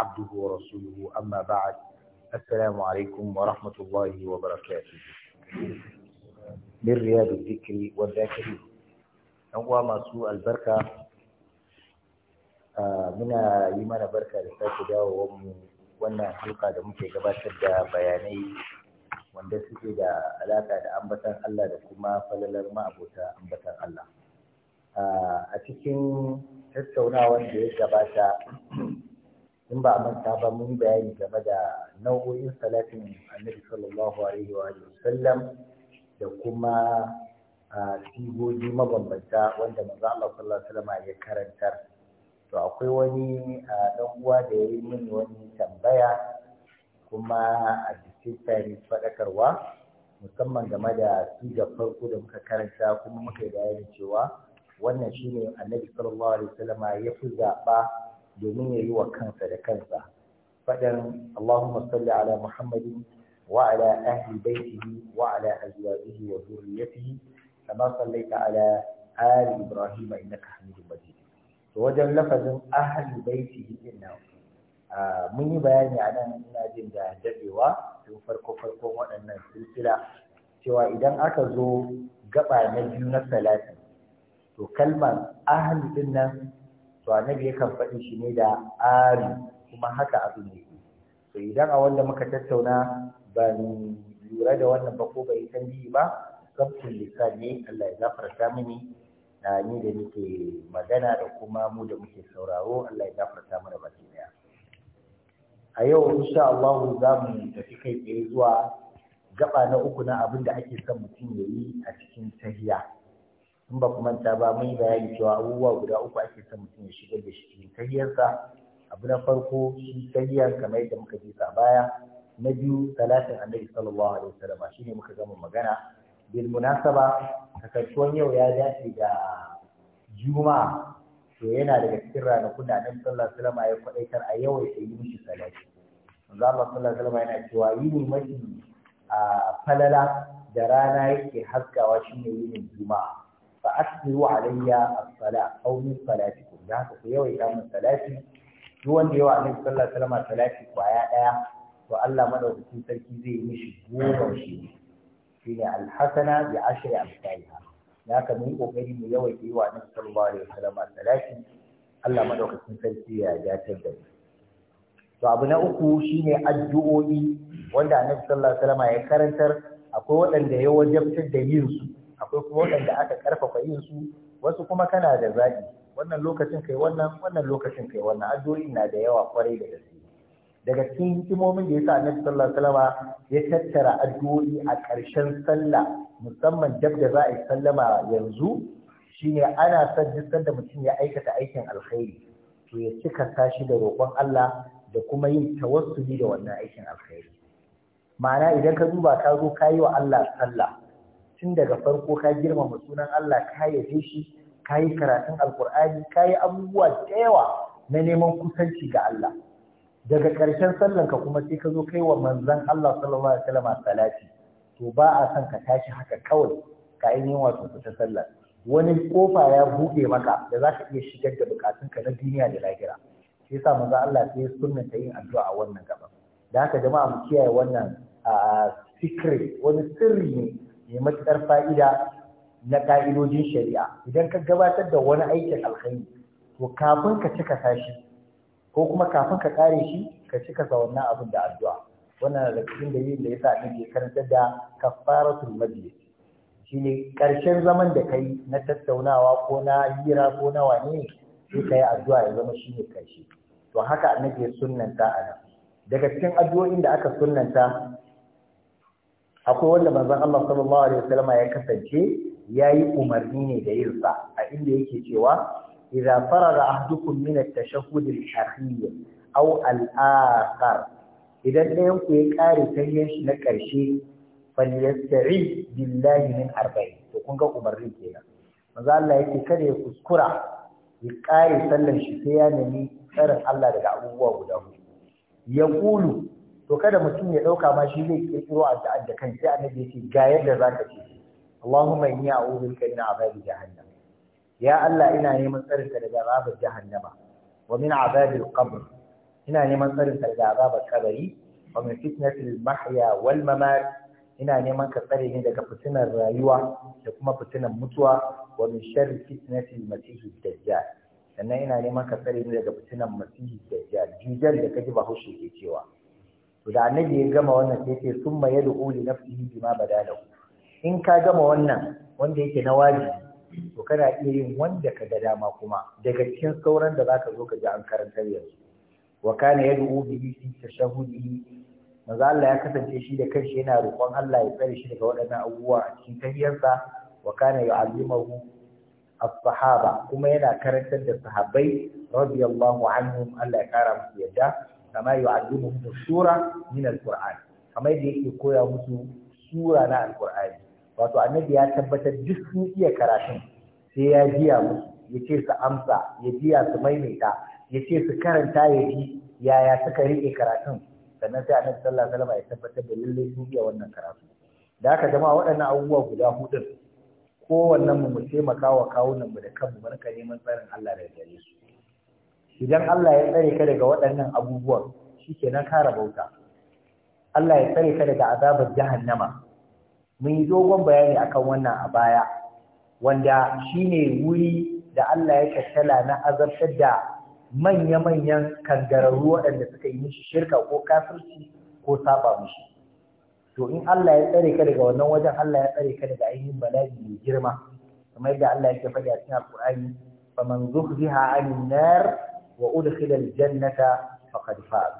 عبده Amma أما بعد السلام عليكم ورحمة الله وبركاته من رياض الذكر والذاكرين هو مسوء البركة muna yi mana barka da sake dawowar mu wannan halka da muke gabatar da bayanai wanda suke da alaƙa da ambatan Allah da kuma falalar ma'abota ambatan Allah a cikin tattaunawar da ya gabata in ba a manta ba mun bayani game da nau'o'in salatin annabi sallallahu alaihi wa sallam da kuma sigogi mabambanta wanda manzo Allah sallallahu alaihi wasallam ya karantar to akwai wani dan uwa da yayi min wani tambaya kuma a cikin tarihi fadakarwa musamman game da sigar farko da muka karanta kuma muka yi bayani cewa wannan shine annabi sallallahu alaihi wasallam ya fi zaba domin ya yi wa kansa da kansa faɗin Allahumma salli ala Muhammadin wa ala ahli baitihi wa ala azwajihi wa zurriyyatihi kama sallaita ala ali Ibrahim innaka Hamidum Majid to wajen lafazin ahli baitihi din mun yi bayani a nan ina jin da dadewa tun farko farkon waɗannan silsila cewa idan aka zo gaba na biyu na salati to kalmar ahli din nan to annabi yakan faɗi shi ne da ari kuma haka abu ne to idan a wanda muka tattauna ban lura da wannan ba ko bai san biyu ba sabtun lissafi ne Allah ya gafarta mini na ni da nake magana da kuma mu da muke sauraro Allah ya gafarta mana baki daya a yau insha Allah za mu tafi kai tsaye zuwa gaba na uku na abin da ake son mutum ya yi a cikin tahiya in ba ku manta ba mun yi bayani cewa abubuwa guda uku ake son mutum ya shigar da shi cikin tahiyarsa abu na farko shi tahiyar kamar yadda muka jisa. a baya na biyu talatin annabi sallallahu alaihi wasallam ne muka gama magana bil munasaba kasantuwan yau ya dace da juma'a to yana daga cikin ranakun da annabi sallallahu alaihi wasallam ya kwadaitar a yau ya yi mishi salati manzo Allah sallallahu alaihi wasallam yana cewa yini mafi a falala da rana yake haskawa shine yin juma'a fa asbiru alayya as-sala aw min salatikum da haka ku yawaita mun salati duk wanda yawa annabi sallallahu alaihi wasallam salati kwaya daya to Allah madaukakin sarki zai yi mishi goma shi shine al-hasana bi ashri amsalha da haka mu yi kokari mu yi wa annabi sallallahu alaihi wasallam salati Allah madaukakin sarki ya jatar da mu to abu na uku shine addu'o'i wanda annabi sallallahu alaihi wasallam ya karantar akwai waɗanda ya wajabtar da yin su akwai kuma waɗanda aka ƙarfafa yin su wasu kuma kana da zaɓi wannan lokacin kai wannan wannan lokacin kai wannan addu'o'i na da yawa kwarai da gaske daga cikin hikimomin da yasa Annabi sallallahu alaihi wasallama ya tattara addu'o'i a ƙarshen sallah musamman dab da za a yi sallama yanzu shine ana san, duk da mutum ya aikata aikin alkhairi to ya cika sashi da roƙon Allah da kuma yin tawassuli da wannan aikin alkhairi ma'ana idan ka duba ka zo kayi wa Allah sallah tun daga farko ka girmama sunan Allah ka yabe shi ka yi karatun alkur'ani ka yi abubuwa da yawa na neman kusanci ga Allah daga ƙarshen ka kuma sai ka zo kai wa manzon Allah sallallahu alaihi wasallam salati to ba a son ka tashi haka kawai ka ainihin wato fita sallar wani kofa ya buɗe maka da za ka iya shigar da bukatunka na duniya da lahira shi sa manzo Allah sai sunnanta yin addu'a a wannan gaba da haka jama'a mu kiyaye wannan ah, secret wani sirri ne mai matuƙar fa'ida na ƙa'idojin shari'a idan ka gabatar da wani aikin alkhairi to kafin ka cika sashi ko kuma kafin ka ƙare shi ka cika sa wannan abin da addu'a wannan da cikin dalilin da yasa sa ke karantar da kafaratul majlis shine ƙarshen zaman da kai na tattaunawa ko na hira ko na wane sai kai addu'a ya zama shine karshe to haka annabi sunnanta a nan daga cikin addu'o'in da aka sunnanta akwai wanda manzon Allah sallallahu alaihi wasallam ya kasance yayi umarni ne da yin sa a inda yake cewa idza farara ahdukum min at-tashahhud al-akhir aw al-akhar idan ɗayan ku ya kare tahiyar shi na ƙarshe falyasta'i billahi min arba'in to kun ga umarni kenan manzo Allah yake kada ya kuskura ya kare sallar shi sai ya nemi tsarin Allah daga abubuwa guda hudu ya ƙulu. to kada mutum ya ɗauka ma shi zai kirkiro a da kan sai annabi ya ce ga yadda za ka ce Allahumma inni a'udhu bika min azabi jahannam ya Allah ina neman tsarin daga azabar jahannama wa min azabil qabr ina neman tsarin daga azabar kabari wa min fitnatil mahya wal mamat ina neman ka tsare ni daga fitinar rayuwa da kuma fitinar mutuwa wa min sharri fitnatil masihi dajjal sannan ina neman ka tsare ni daga fitinar masihi dajjal jujal da kaji bahaushe ke cewa to da annabi ya gama wannan sai ce summa yad'u li nafsihi bima badalahu in ka gama wannan wanda yake na wajibi to kana iya yin wanda ka ga dama kuma daga cikin sauran da zaka zo ka ji an karantar yanzu wa kana yad'u bihi fi tashahudihi Maza Allah ya kasance shi da kanshi yana roƙon Allah ya tsare shi daga waɗannan abubuwa a cikin tafiyarsa wa kana yu'allimuhu as-sahaba kuma yana karantar da sahabbai radiyallahu anhum Allah ya kara musu yadda kama yu'allimuhum sura min alquran kama yadda yake koya musu sura na alqur'ani wato annabi ya tabbatar duk sun iya karatun sai ya jiya musu ya ce su amsa ya jiya su maimaita ya ce su karanta ya ji yaya suka riƙe karatun sannan sai annabi sallallahu alaihi wasallam ya tabbatar da lallai sun iya wannan karatu da haka jama'a waɗannan abubuwa guda hudun kowannen mu mu taimaka wa kawunan mu da kanmu mu rika neman tsarin Allah daga gare su idan Allah ya tsare ka daga waɗannan abubuwan shikenan ka bauta. Allah ya tsare ka daga azabar jahannama mun yi dogon bayani akan wannan a baya wanda shine wuri da Allah ya kashala na azabtar da manya-manyan kangararru waɗanda suka yi mishi shirka ko kafirci ko saba mishi to in Allah ya tsare ka daga wannan wajen Allah ya tsare ka daga ainihin bala'i mai girma kamar yadda Allah ya yake faɗi a cikin al man faman zuhziha a wa udkhila jannata faqad faz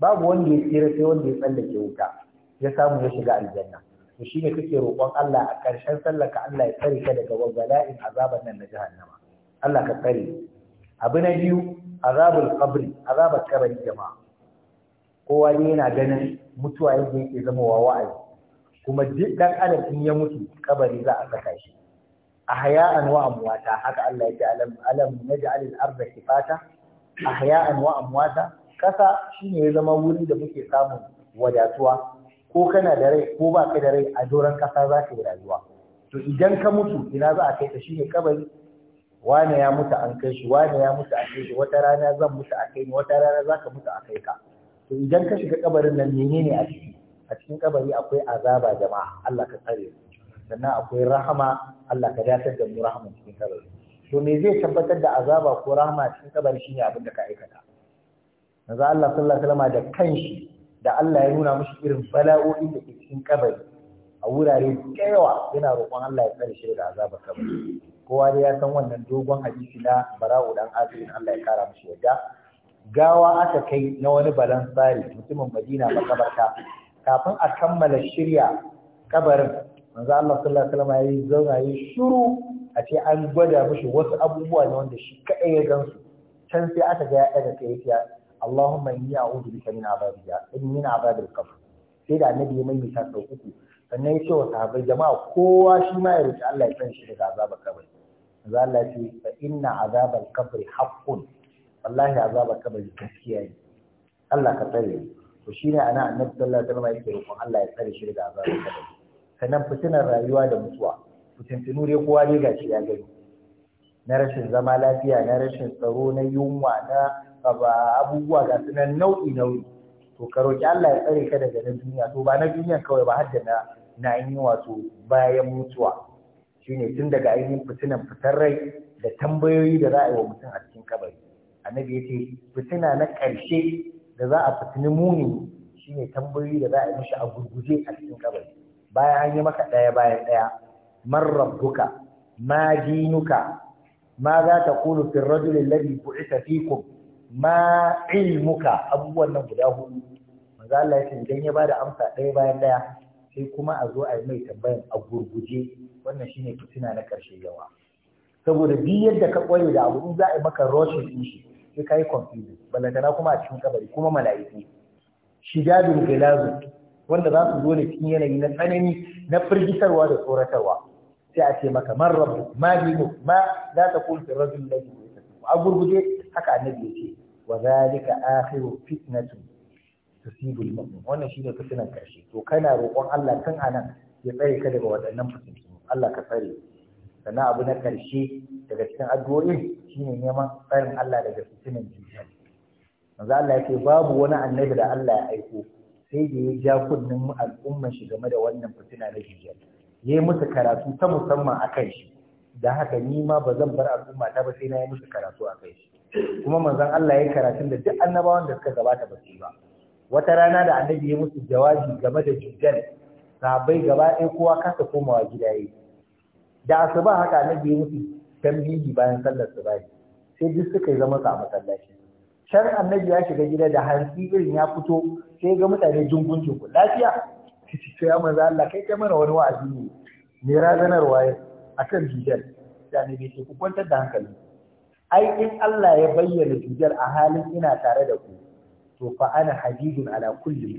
babu wanda ya tsira sai wanda ya tsallake wuta ya samu ya shiga aljanna to shine kake roƙon Allah a ƙarshen sallaka Allah ya tsare ka daga wabala'in azaban nan na jahannama Allah ka tsare abu na biyu azabul qabri azabar kabari jama'a kowa ne yana ganin mutuwa yadda yake zama wa wa'azi kuma duk dan adam in ya mutu kabari za a saka shi A haya wa amwata haka Allah ya ce alam alam naj'al al-ardha kifata A ahya'an wa amwata kasa shine ya zama wuri da muke samun wadatuwa ko kana da rai ko ba ka da rai a doron kasa za ka yi rayuwa to idan ka mutu ina za a kai ka shine kabari wane ya mutu an kai shi wane ya mutu an kai shi wata rana zan mutu a kai ni wata rana za ka mutu a kai ka to idan ka shiga kabarin nan menene a ciki a cikin kabari akwai azaba jama'a Allah ka tsare sannan akwai rahama Allah ka dace da mu rahama cikin kabari to me zai tabbatar da azaba ko rahama cikin kabari shine abin da ka aikata manzo Allah sallallahu alaihi wasallam da kanshi da Allah ya nuna mushi irin bala'o'in da ke cikin kabari a wurare da yawa yana roƙon Allah ya tsare shi daga azabar kabari kowa dai ya san wannan dogon hadisi na bara'u dan azumin Allah ya kara mushi yadda gawa aka kai na wani balan tsari mutumin Madina makabarta kafin a kammala shirya kabarin manzo Allah sallallahu alaihi wasallam ya zauna ya shiru a ce an gwada mashi wasu abubuwa ne wanda shi kaɗai ya gansu can sai aka ga ya ɗaga kai ya Allahumma inni a'udhu bika min azabiya in min azabil qabr sai da annabi ya maimaita sau uku sannan ya ce wa sahabbai jama'a kowa shi ma ya roki Allah ya san shi daga azabar kabari za Allah ya ce fa inna azabal kabri haqqun wallahi azabar kabari gaskiya ne Allah ka tsare to shine ana annabi sallallahu alaihi wasallam yake roƙon Allah ya tsare shi daga azabar kabari sannan fitinar rayuwa da mutuwa fitintinu dai kowa dai gashi ya gani na rashin zama lafiya na rashin tsaro na yunwa na abubuwa ga sunan nau'i nau'i to ka roki Allah ya tsare ka daga na duniya to ba na duniya kawai ba har da na na wasu wato bayan mutuwa shine tun daga ainihin fitinan fitar rai da tambayoyi da za a yi wa mutum a cikin kabari annabi ya ce fitina na ƙarshe da za a fitini muni shine tambayoyi da za a yi mishi a gurguje a cikin kabari bayan an yi maka ɗaya bayan ɗaya man rabbuka ma dinuka ma za ta kulu fi rajul alladhi bu'itha fikum ma ilmuka abubuwan nan guda hudu manzo Allah ya ce idan ya bada amsa ɗaya bayan ɗaya sai kuma a zo a yi mai tambayan a gurguje wannan shine fitina na karshe yawa saboda duk yadda ka koyi da abu in za a yi maka roshin din shi sai ka yi confusing balantana kuma a cikin kabari kuma mala'iku shidadun gilazu wanda za su zo ne cikin yanayi na tsanani na firgitarwa da tsoratarwa sai a ce maka man rabu, ma dinu ma za ta kun fi rajul ladhi a gurguje haka annabi ya ce wa zalika akhiru fitnatun tusibul mu'min wannan shine fitinan karshe to kana roƙon Allah tun anan ya tsare ka daga waɗannan fitintunu Allah ka tsare sannan abu na karshe daga cikin addu'o'in shine neman tsarin Allah daga fitinan dujjal manzo Allah yake babu wani annabi da Allah ya aiko sai da ya ja kunnen al'ummar shi game da wannan fitina na dujjal yayi yi musu karatu ta musamman a kan shi da haka ni ma ba zan bar al'umma ta ba sai na yi musu karatu a kai shi kuma manzon Allah ya karatu da duk annabawan da suka gabata ba su yi ba wata rana da annabi ya musu jawabi game da jujjal sahabbai gaba ɗaya kowa kasa komawa gida yi da asuba haka annabi ya musu tambayi bayan sallar subahi sai duk suka yi zama a masallaci can annabi ya shiga gida da hansi irin ya fito sai ga mutane jungun jungun lafiya kici to ya manzo Allah kai kai mana wani wa'azi ne ne razanarwa ya akan jijal. da ne bai ku kwantar da hankali ai in Allah ya bayyana jijal a halin ina tare da ku to fa ana hadidun ala kulli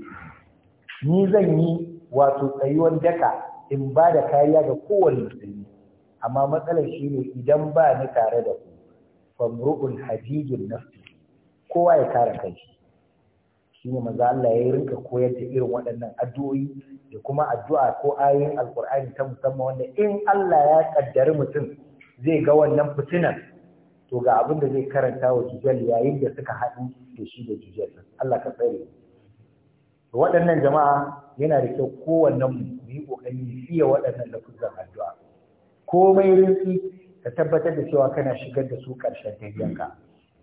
ni zan yi wato tsayuwar daka in ba da kariya ga kowane musulmi amma matsalar shi ne idan ba ni tare da ku famru'ul hadidun nafsi kowa ya kare kanshi shi ne Allah ya rinka koyar da irin waɗannan addu'o'i da kuma addu'a ko ayoyin alkur'ani ta musamman wanda in Allah ya kaddari mutum zai ga wannan fitinan to ga abin da zai karanta wa jujal yayin da suka haɗu da shi da jujal Allah ka tsare waɗannan jama'a yana da kyau kowannen mu yi kokari fiye waɗannan lafuzan addu'a komai rinki ka tabbatar da cewa kana shigar da su ƙarshen tafiyanka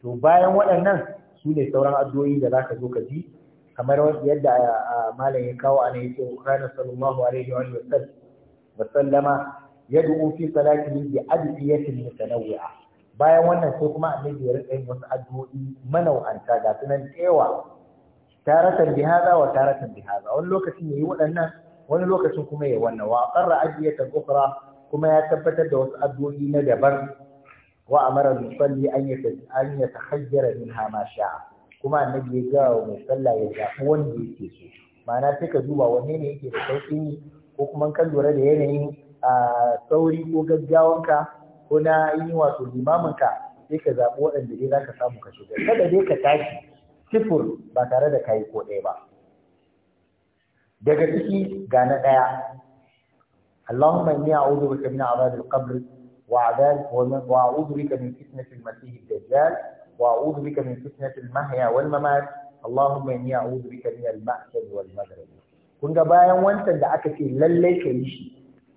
to bayan waɗannan su ne sauran addu'o'i da za ka zo ka ji kamar yadda malam ya kawo ana yake Ukraina sallallahu alaihi wa wasallama yad'u fi salatihi bi adiyatin mutanawwi'a bayan wannan sai kuma annabi ya rika yin wasu addu'o'i manau'anta ga sunan tsewa taratan bihaza wa taratan bihaza wani lokacin yi waɗannan wani lokacin kuma yayi wannan wa qarra adiyatan ukhra kuma ya tabbatar da wasu addu'o'i na daban wa amara musalli an ya an ya tahajjara minha ma sha'a kuma annabi ya ga wa musalla ya zafi wanda yake so Mana sai ka duba wanne ne yake da sauƙi ko kuma kan lura da a sauri ko gaggawanka ko na yi wato ka, sai ka zaɓi waɗanda dai zaka ka samu ka shiga kada dai ka tashi sifur ba tare da kayi ko ɗaya ba daga ciki ga na ɗaya Allahumma inni a'udhu bika min 'adhabil qabr وأعوذ بك من فتنة المسيح الدجال وأعوذ بك من فتنة المحيا والممات اللهم إني أعوذ بك من المأسد والمغرب kun ga bayan wancan da aka ce lallai ka yi shi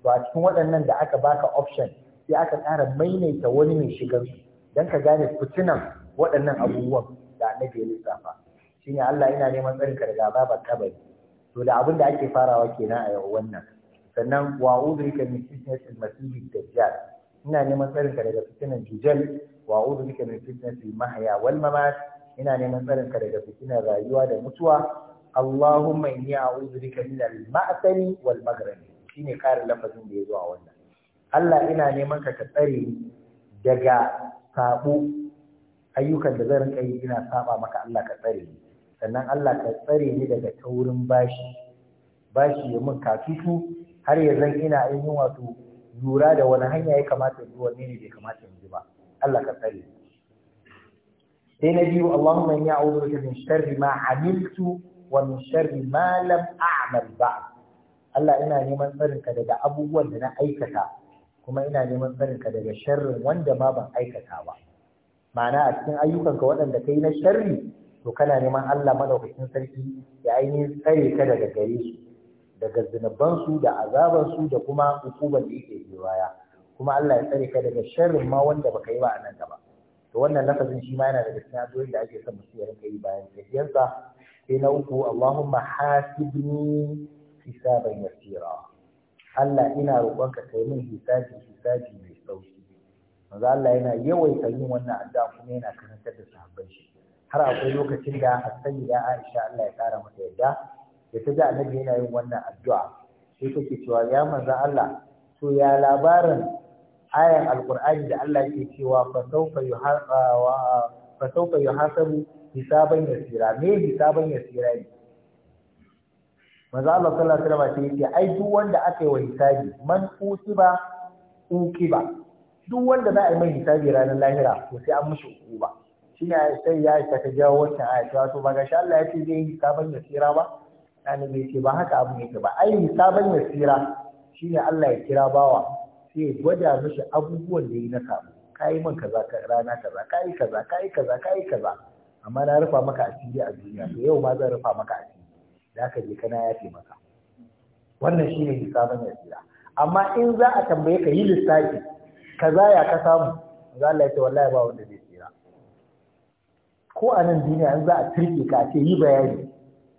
to a cikin waɗannan da aka baka option sai aka ƙara maimaita wani mai shigar su don ka gane fitinan waɗannan abubuwan da annabi ya lissafa shine Allah yana neman tsarin ka daga azabar kabari to da abin da ake farawa kenan a yau wannan sannan wa bika min fitnatil masihid dajjal ina neman tsarin ka daga fitinan jujal wa a'udhu bika min fitnatil mahya wal mamat ina neman tsarin ka daga fitinan rayuwa da mutuwa Allahumma inni a'udhu bika min al-ma'sani wal maghrib shine karin lafazin da yazo a wannan Allah ina neman ka ka tsare daga sabo ayyukan da zan kai yi ina saba maka Allah ka tsare ni sannan Allah ka tsare ni daga taurin bashi bashi ya mun katutu har ya ina yin wato lura da wani hanya ya kamata in bi wanne ne bai kamata in bi ba Allah ka tsare sai na biyu Allahumma inni a'udhu bika min sharri ma amiltu wa min sharri ma lam a'mal ba Allah ina neman tsarin ka daga abubuwan da na aikata kuma ina neman tsarin ka daga sharrin wanda ma ban aikata ba ma'ana a cikin ayyukanka waɗanda kai na sharri to kana neman Allah madaukakin sarki ya ainihin tsare ka daga gare shi. daga zunubansu da azabansu da kuma hukuban da yake yi baya kuma Allah ya tsare ka daga sharrin ma wanda baka yi ba a nan gaba to wannan lafazin shi ma yana daga cikin addu'o'in da ake son mutum ya rinka yi bayan sa sai na uku Allahumma hasibni hisaban yasira Allah ina ka kai min hisabi hisabi mai sauki manzo Allah yana yawaita yin wannan addu'a kuma yana karantar da sahabban shi har akwai lokacin da hassani da Aisha Allah ya kara mata yadda da ta ji annabi yana yin wannan addu'a sai take cewa ya manzo Allah to ya labarin ayan alqur'ani da Allah yake cewa fa sawfa yuhasabu fa sawfa yuhasabu hisaban yasira me hisaban yasira ne manzo Allah sallallahu alaihi wasallam yake ai duk wanda aka yi wa hisabi man usiba ukiba duk wanda za a yi mai hisabi ranar lahira to sai an mishi uba shine sai ya ta jawo wannan ayatu ba ga sha Allah ya ce zai yi hisaban yasira ba bai ce ba haka abu ke ba ai nasira. Shi ne Allah ya kira bawa sai ya gwada mishi abubuwan da yi na samu yi man kaza ka rana kaza ka yi kaza ka yi kaza ka yi kaza amma na rufa maka asiri a duniya to yau ma zan rufa maka asiri da aka je kana yafe maka wannan shi ne shine hisaban nasira. amma in za a tambaye ka yi lissafi kaza ya ka samu za Allah ya ce wallahi ba wanda zai tsira ko a nan duniya in za a turke ka ce yi bayani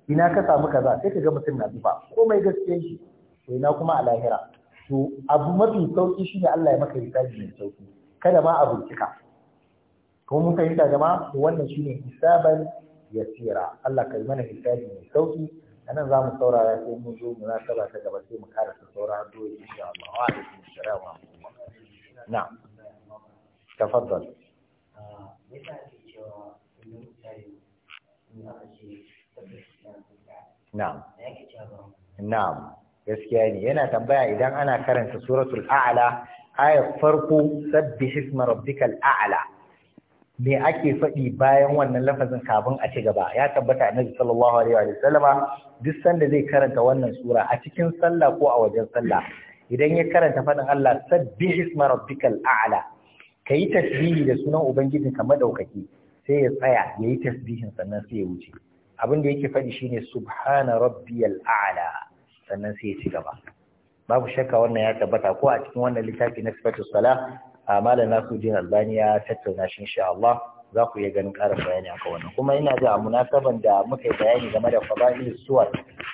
ina ka samu kaza sai ka ga mutum na ko komai gaskiyan shi to ina kuma a lahira to abu mafi sauki shine Allah ya maka hisabi mai sauki kada ma a bincika kuma mun fahimta jama'a to wannan shine hisaban yasira Allah ka yi mana hisabi mai sauki anan za mu saurara sai mun zo mu nasaba ta gaba sai mu karanta saurara doyi insha Allah wa alaikum assalam wa tafaddal na'am na'am gaskiya ne yana tambaya idan ana karanta suratul a'la ayar farko sabbih isma rabbikal a'la me ake faɗi bayan wannan lafazin kafin a ci gaba ya tabbata annabi sallallahu alaihi wa sallama duk sanda zai karanta wannan sura a cikin sallah ko a wajen sallah idan ya karanta fadin Allah sabbih isma rabbikal a'la kayi tasbihi da sunan ubangijinka madaukaki sai ya tsaya yayi tasbihin sannan sai ya wuce abin da yake faɗi shine subhana rabbiyal a'la sannan sai ya ci gaba babu shakka wannan ya tabbata ko a cikin wannan littafi na sifatu sala malam Nasiruddin Albani ya tattauna shi insha Allah za ku iya ganin ƙarin bayani akan wannan kuma ina ji a munasaban da muka yi bayani game da fadail suwar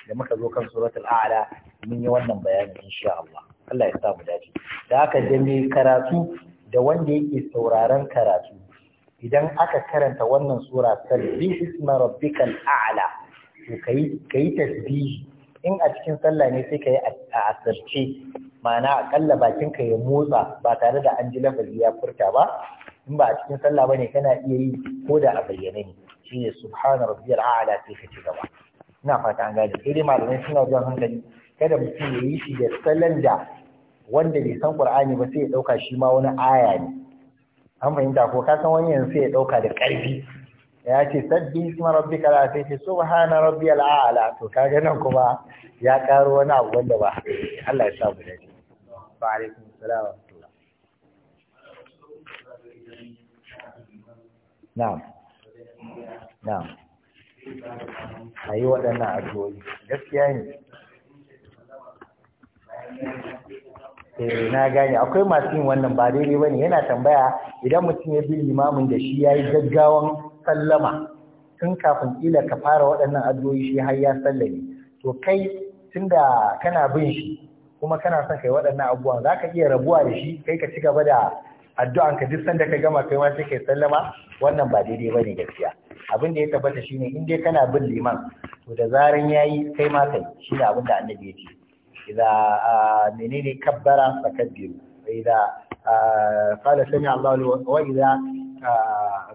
da muka zo kan surat a'la mun yi wannan bayani insha Allah Allah ya sa mu dace da haka da karatu da wanda yake sauraron karatu idan aka karanta wannan sura sabbi isma rabbikal a'la to kai kai tasbihi in a cikin sallah ne sai kai a asirce ma'ana akalla bakin ka ya motsa ba tare da an ji lafazi ya furta ba in ba a cikin sallah bane kana iya yi ko da a bayyane ne shine subhana rabbiyal a'la sai ka ci gaba ina fata an gane sai dai malamai suna zuwa hankali kada mutum ya yi shi da salon da wanda bai san qur'ani ba sai ya dauka shi ma wani aya ne an fahimta ko san wani yanzu ya ɗauka da ƙarfi ya ce sabbi isma rabbi kala sai ce subhana rabbi al'ala to kaga nan kuma ya karo wani abu wanda ba Allah ya sa mu dace wa alaikum na'am na'am ayi waɗannan addu'o'i gaskiya ne eh na gane akwai masu yin wannan ba daidai bane yana tambaya idan mutum ya bi limamin da shi yayi gaggawan sallama tun kafin kila ka fara waɗannan addu'o'i shi har ya sallame to kai tunda kana bin shi kuma kana son kai waɗannan abubuwan zaka iya rabuwa da shi kai ka ci gaba da addu'an ka duk sanda ka gama kai ma sai kai sallama wannan ba daidai bane gaskiya abin da ya tabbata shine in dai kana bin liman to da zaran yayi kai ma kai shine abin da annabi ya ce إذا منيني كبر sajada إذا قال سمع الله وإذا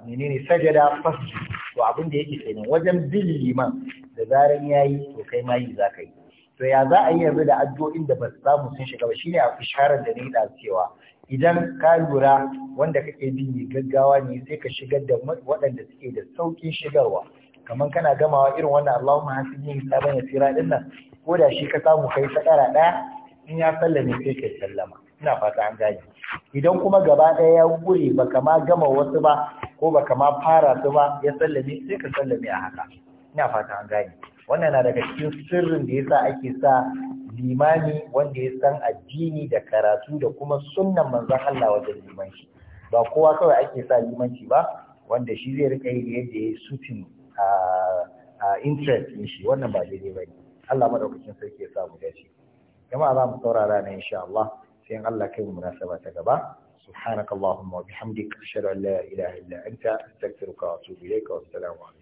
منيني سجد فسجد وعبن دي يجي سينا وزن بالإمام لذارن ياي وكيما يزاكي to ya za a yi yanzu da addu'o'in da ba su samu sun shiga ba shine a sharar da na da cewa idan ka lura wanda kake bi ne gaggawa ne sai ka shigar da waɗanda suke da sauƙin shigarwa kamar kana gamawa irin wannan Allahumma hasibni hisaban yasira din nan ko da shi ka samu kai ɗara ɗaya in ya sallame sai kai sallama ina fata an gane idan kuma gaba ɗaya ya gure baka ma gama wasu ba ko baka ma fara su ba ya sallame sai ka sallame a haka ina fata an gane wannan na daga cikin sirrin da yasa ake sa limami wanda ya san addini da karatu da kuma sunnan manzon Allah wajen limanci ba kowa kawai ake sa limanci ba wanda shi zai rika yi da yadda ya sutin a ah, ah, interest shi wannan ba daidai ba ne. Allah madaukakin sarki ya samu dace jama'a za mu saurara ne insha Allah sai in Allah kai mu munasaba ta gaba subhanakallahumma wa bihamdika ashhadu an la ilaha illa anta astaghfiruka wa atubu ilayka wa assalamu alaikum